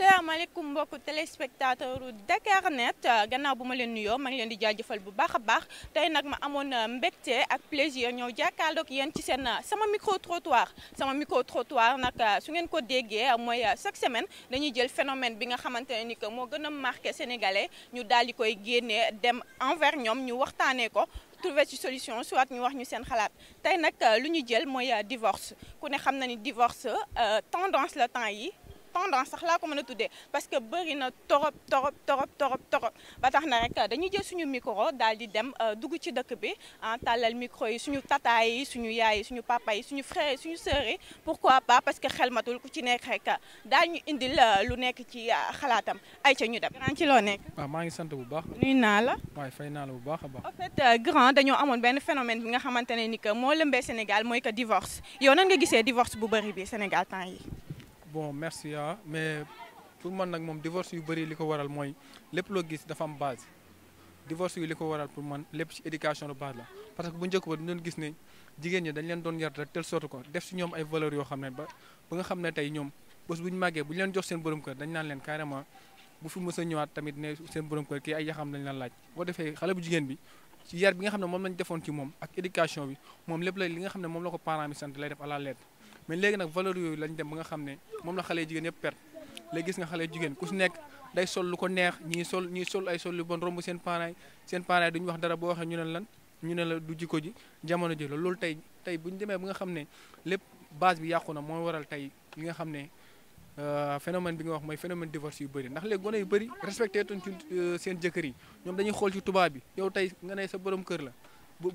salaamaaleykum mbokku téléspectateur Dakar Net gannaaw bu ma leen nuyoo ma ngi leen di jaajëfal bu baax a baax tey nag ma amoon euh, mbégte ak plaisir ñëw jàkkaarloog yéen ci seen euh, sama micro trottoir sama micro trottoir nag euh, su ngeen ko déggee mooy chaque semaine dañuy jël phénomène bi nga xamante ne ni que moo gën a marqué sénégalais ñu daal di koy génnee dem envers ñoom ñu waxtaanee ko. trouver ci solution soit ñu wax ñu seen xalaat tey nag lu ñu jël mooy divorce ku ne xam na ni divorce tendance la temps yi tendance sax laa ko mën a tuddee parce que bëri na torop torop torop torop torop ba tax na rek dañuy jël suñu micro daal di dem euh, dugg ci dëkk bi ah tàllal micro yi suñu tata yi suñu yaay yi suñu papa yi suñu frère yi suñu sœur yi pourquoi pas parce que xel matul ku ci nekk rek daal ñu indil euh, lu nekk ci euh, xalaatam ay ca ñu dem. grand ci loo nekk. Ah, maa ngi sant bu baax. nuyu naa la. waaye fay naa la bu baax a baax. en fait grand dañoo amoon benn phénomène bi nga xamante ne ni moo lëmbee Sénégal mooy que divorce yow nan nga gisee divorce bu bëri bi Sénégal temps yi bon merci ah mais pour man nag moom divorce yu bëri li ko waral mooy lépp loo gis dafa am base divorce yu li ko waral pour man lépp ci éducation de base la parce que bu njëkk ba dañu doon gis ne jigéen ñi dañ leen doon yar rek tel sorte ko def ci ñoom ay valeurs yoo xam ne ba ba nga xam ne tey ñoom bés bu ñu màggee bu ñu leen jox seen borom kër dañ naan leen carrément bu fi mës a ñëwaat tamit ne seen borom kër kii ay yaxam lañ la laaj boo defee xale bu jigéen bi ci yar bi nga xam ne moom lañ defoon ci moom ak éducation bi moom lépp la li nga xam ne moom la ko parent bi sant lay def à la lettre mais léegi nag valeur yooyu lañ dem ba nga xam ne moom la xale jigéen yëpp perte léegi gis nga xale jigéen ku si nekk day sol lu ko neex ñii sol ñii sol ay sol lu bon romb seen parents seen parents duñu wax dara boo waxee ñu ne lan ñu ne la du jikko ji jamono ji la loolu tey tey bu ñu demee ba nga xam ne lépp base bi yàqu na mooy waral tey li nga xam ne euh, phénomène bi nga wax mooy phénomène divorce yu bëri ndax léegi gone yu bëri respecté tuñ ci euh, seen jëkkër yi ñoom dañuy xool ci tubaab bi yow tey nga ne sa borom kër la bu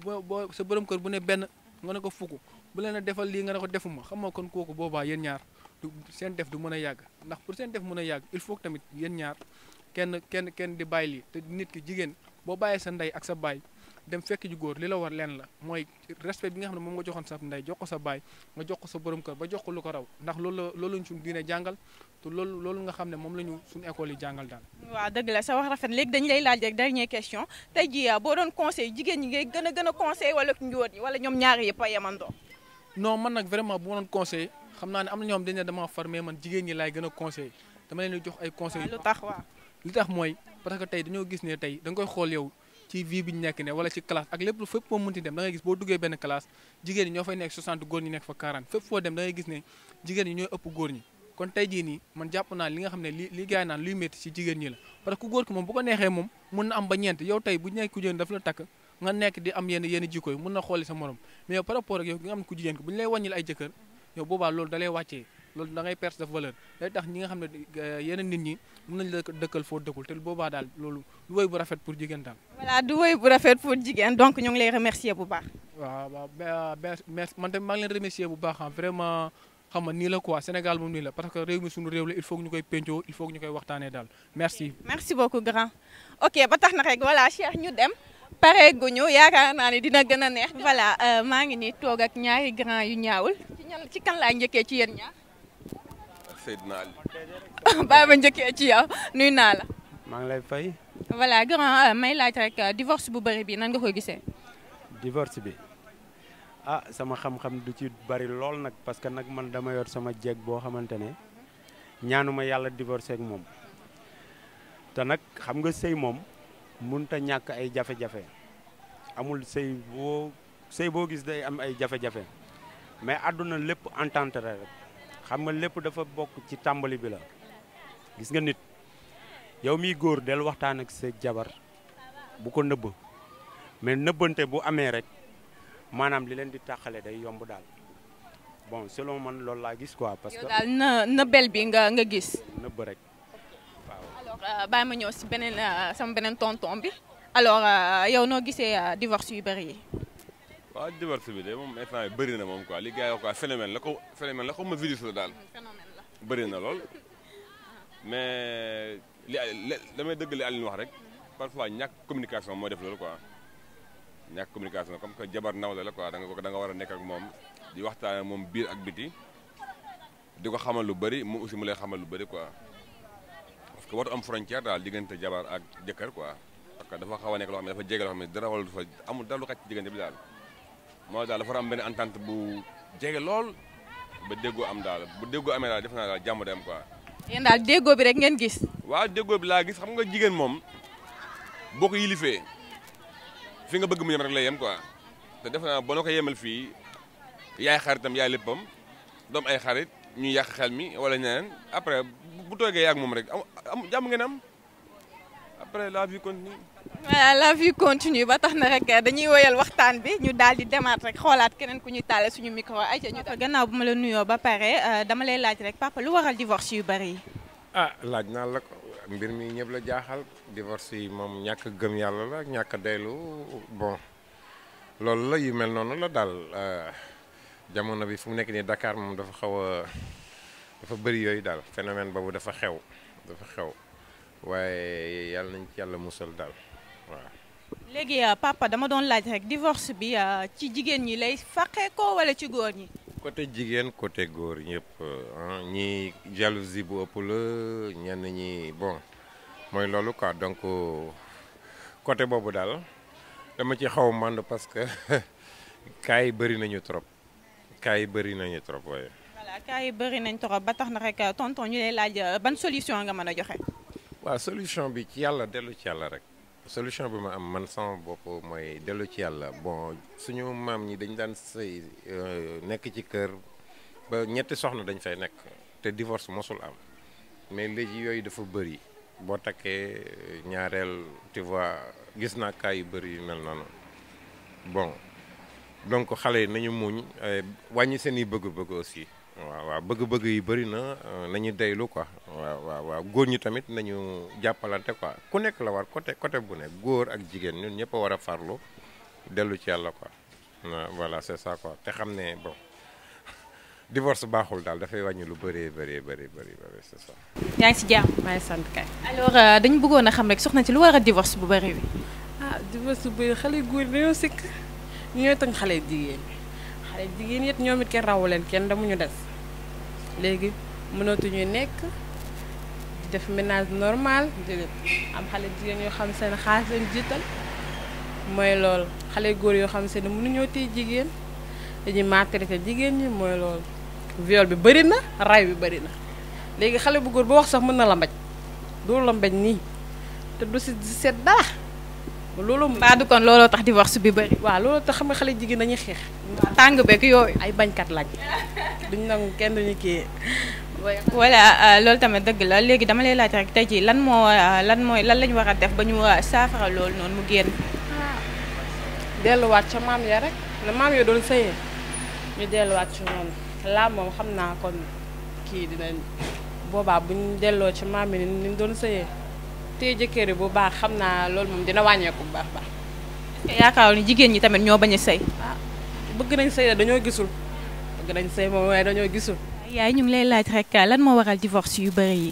borom kër bu ne benn nga ne ko fukk bu leen a defal lii nga ne ko defuma xam nga kon kooku boobaa yéen ñaar du seen def du mën a yàgg ndax pour seen def mën a yàgg il faut tamit yéen ñaar kenn kenn kenn di bàyyi lii te nit ki jigéen boo bàyyee sa ndey ak sa baay dem fekk ju góor li la war leen la mooy respect bi nga xam ne moom nga joxoon sa ndey jox ko sa baay nga jox sa borom kër ba jox ko lu ko raw ndax loolu la loolu lañ suñu jàngal te loolu loolu nga xam ne moom la ñu suñu école yi jàngal daal. waaw dëgg la sa wax rafet léegi dañu lay laaj rek dernière question tey jii ah, boo doon conseil jigéen ñi ngay gën a gën a conseil wala njóor ñi wala ñoom ñaari yëpp a yemandoo. non man nag vraiment bu ma doon conseil xam naa ne am na ñoom dañ ne dama formé man jigéen ñi laay gën a conseil dama leen di jox ay conseil lu tax waaw li tax tey dañoo gis ne tey da nga koy ci vie bi ñu nekk ne wala ci classe ak lépp fépp foo mënti dem da ngay gis boo duggee benn classe jigéen ñi ñoo fay nekk 60 góor ñi nekk fa 40 fépp foo dem da gis ne jigéen ñi tey jii nii man jàpp naa li nga xam ne li li gaay naan luy métti ci ñi la parce que ku góor ki moom bu ko neexee moom mun na am ba ñeent yow tey bu nekk ku jigéen daf la takk nga nekk di am yenn yenn jikko yi mun na xooli sa morom mais par rapport ak yow nga am ku jigéen ko bu ñu lay wàññil ay jëkkër yow boobaa loolu dalay wàccee loolu da ngay perte daf valeur tax ñi nga xam ne euh, yenn nit ñi mën nañ la dëkkal foo dëkkul te boobaa daal loolu du woy bu rafet pour jigéen daal. voilà du woy bu rafet pour jigéen donc ñoo ngi lay remercier bu baax. waaw euh, merci man tamit maa ngi leen remercier bu baax vraiment xam nga nii la quoi Sénégal moom nii la parce que réew mi suñu réew la il faut que ñu koy pencoo il faut que ñu koy waxtaanee daal merci. merci beaucoup grand ok ba tax na rek voilà Cheikh ñu dem. pare guñu yaakaar naa ne dina gën a neex. voilà euh, maa ngi nii toog ak ñaari grand yu ñaawul. ci ñan ci kan njëkkee ci yéen ñaar. Seydina Ali. bàyyi ba njëkkee ci yow nuyu naa la. maa ngi lay fay. voilà grand euh, may laaj rek euh, divorce bu bëri bi nan nga koy gisee. divorce bi ah sama xam-xam du ci bari lool nag parce que nag man dama yor sama jeeg boo xamante ne ñaanuma yàlla divorce ak moom te nag xam nga sëy moom munta ñàkk ay jafe-jafe amul sëy boo sëy boo gis day am ay jafe-jafe mais àdduna lépp entente rek. xam nga lépp dafa bokk ci tàmbali bi la gis nga nit yow miy góor del waxtaan ak sa jabar bu ko nëbb mais nëbbante bu amee rek maanaam li leen di tàqale day yomb daal bon selon man loolu laa gis quoi. parce que yow na nëbbel bi nga nga gis. nëbb rek waaw. Euh, ma ñëw si beneen euh, sama beneen tonton bi alors euh, yow noo gisee divorce yu bëri yi. waaw divorce bi de moom instant yi bëri na moom quoi li gars yi wax quoi phénomène la ko phénomène la xaw ma virus la daal. Hmm, bëri na lool. mais li damay dëgg li Aline wax rek parfois ñàkk communication moo def loolu quoi ñàkk communication comme que jabar nawle la quoi da nga ko danga war a nekk ak moom di waxtaan ak moom biir ak biti di ko xamal lu bëri moom aussi mu lay xamal lu bëri quoi parce que wartu am frontière daal diggante jabar ak jëkkër quoi parce que dafa xaw a nekk loo ne dara wala du fa amul dara lu xaj bi daal. moo daal dafa am benn entente bu jege lool ba déggoo am daal bu déggoo amee daal def naa daal jàmm dem quoi. yéen daal déggoo bi rek ngeen gis. waaw déggoo bi laa gis xam nga jigéen moom boo ko yilifee fi nga bëgg mu yem rek la yem quoi te def naa boo na ko yemal fii yaay xaritam yaay léppam doom ay xarit ñuy yàq xel mi wala ñeneen après bu toogee yaag moom rek am jàmm ngeen am après la vie voilà euh, la vie continue ba tax na rek euh, dañuy woyal waxtaan bi ñu daal di demaat rek xoolaat keneen ku ñuy taale suñu micro ay ca ñu gannaaw bu ma la nuyoo ba pare euh, dama lay laaj rek papa lu waral divorce yu bari yi. Ah, laaj naa la ko mbir mi ñëpp la jaaxal divorce yi moom ñàkk gëm yàlla la ñàkk daylu bon loolu la yu mel noonu la daal jamono bi fu mu nekk nii Dakar moom dafa xaw a dafa bëri yooyu daal phénomène boobu dafa xew dafa xew waaye yàlla nañ ci yàlla musal daal. léegi euh, papa dama doon laaj rek divorce bi euh, ci jigéen ñi lay faqee ko ci góor ñi. côté jigéen côté góor ñëpp euh, ñi jalousie bu ëpp la ñenn ñi bon mooy loolu quoi donc côté boobu daal dama ci xaw mànd parce que cas yi bëri nañu trop cas yi bëri nañu trop waaye. voilà cas yi bëri nañ trop ba tax na rek tonton ñu lay laaj ban solution nga mën a joxe. waaw solution bi ci yàlla dellu ci yàlla rek. solution bi ma am man sama bopp mooy dellu ci yàlla bon suñu maam ñi dañ daan sëy euh, nekk ci kër ba ñetti soxna dañ fay nekk te divorce mosul am mais léegi yooyu dafa bëri boo takkee euh, ñaareel tu vois gis naa cas yu bëri yu mel noonu bon donc xale yi nañu muñ euh, wàññi seen i bëgg-bëgg aussi waaw waaw bëgg-bëgg yi bëri na euh, nañu deylu quoi waaw waaw waaw góor ñi tamit nañu jàppalante quoi ku nekk la war côté côté bu ne góor ak jigéen ñun ñëpp war a farlu dellu ci yàlla quoi voilà c'est ça quoi te xam ne bon divorce baaxul daal dafay wàññi lu bëree bëri bëri bëri bëri c'est ça. yaa ngi si jàmm maa sant kay. alors euh, dañu bëggoon a xam rek soxna ci lu war a divorce bu bëri bi. ah divorce bu bëri xale góor dañoo sikk ñooy tënk xale jigéen. xale jigéen yit ñoom it kenn rawu leen kenn damuñu des léegi mënatuñu nekk def ménage normal déedéet am xale jigéen yoo xam seen xaalis lañ jiital mooy loolu xale góor yoo xam seen ñëw téye jigéen dañuy maltraité jigéen ñi mooy loolu. viol bi bëri na ray bi bari na léegi xale bu góor boo wax sax mën na la mbaj doo la mbaj nii te du si di dara. loolu mbaa kon looloo tax divorce bi bëri. waaw looloo tax xam nga xale jigéen dañuy xeex. tàng beeg yooyu. ay bañkat laaj duñ nangu kenn duñu kii. voilà euh, loolu tamit dëgg la léegi dama lay laaj rek tey jii lan moo euh, lan mooy lan lañu war a def ba ñu euh, saafara loolu noonu mu génn. delluwaat ca maam ya rek na maam ya doon sëyee ñu delluwaat ci noonu laa moom xam naa kon kii dinañ boobaa bu ñu delloo ci maam yi ni doon sëyee. te jëkkër bu baax xam naa loolu moom dina wàññeeku bu baax baax. yaakaar ni jigéen ñi tamit ñoo bañ a sëy. ah bëgg nañ sëy dañoo gisul bëgg nañ sëy moom waaye dañoo gisul. yaay ñu ngi lay laaj rekk a lan moo waral divorce yu bari yi.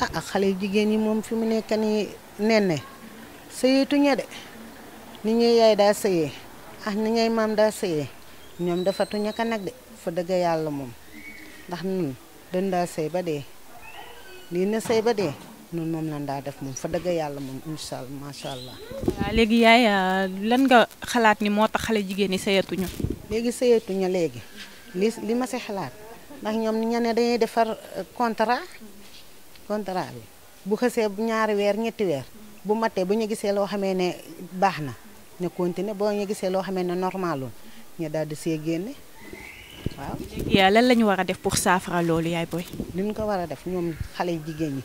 ah ah xale jigéen yi moom fi mu nekk nii nenne sëyeetuñu de ni ñuy yaay daa sëyee ah ni ñuy maam daa sëyee ñoom dafa tuñu ka nag de fa dëgg yàlla moom ndax ñun dañ daa sëy ba de lii na sëy ba dee. noonu moom lan daa def moom fa dëgg yàlla moom incha allah macha allah. waaw léegi yaay euh, lan nga xalaat ni moo tax xale jigéen ñi sëyatuñu. léegi sëyatuñu léegi li li ma si xalaat ndax ñoom ña ne dañuy defar euh, contrat contrat bi bu xësee ñaari weer ñetti weer bu matee bu ñu gisee loo xamee ne baax na ne boo ñu gisee loo xamee ne normalul ñu daal di see génne. waaw léegi euh, lan la ñu war a def pour saafara loolu yaay booy. li ñu ko war a def ñoom xale jigéen ñi.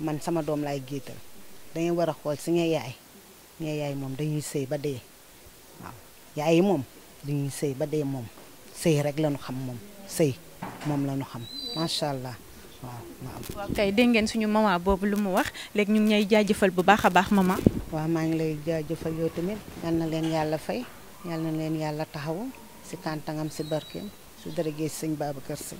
man sama doom laay géetal dañuy war a xool suñu yaay suñu yaay moom dañuy sëy ba dee waaw yaay yi moom dañuy sëy ba dee moom sëy rek la xam moom sëy moom la xam macha allah. waaw kay dégg ngeen suñu maman boobu lu mu wax léegi ñu ngi ñay jaajëfal bu baax a baax ma ma waaw maa ngi lay jëfal yoo tamit yal na leen yàlla fay yal na leen yàlla taxawu si kàntangam si barkeem su dérégee sëñ Babacar Si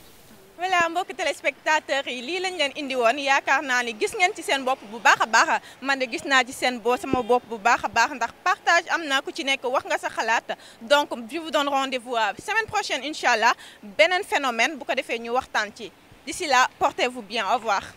voilà mbokki téléspectateurs yi lii lañ leen indi woon yaakaar naa ni gis ngeen ci seen bopp bu baax a baax man de gis naa ci seen boo sama bopp bu baax a baax ndax partage am naa ku ci nekk wax nga sa xalaat donc je vous donne rendez-vous semaine prochaine incha allah beneen phénomène bu ko defee ñu waxtaan ci d'ici là portez-vous bien au revoir.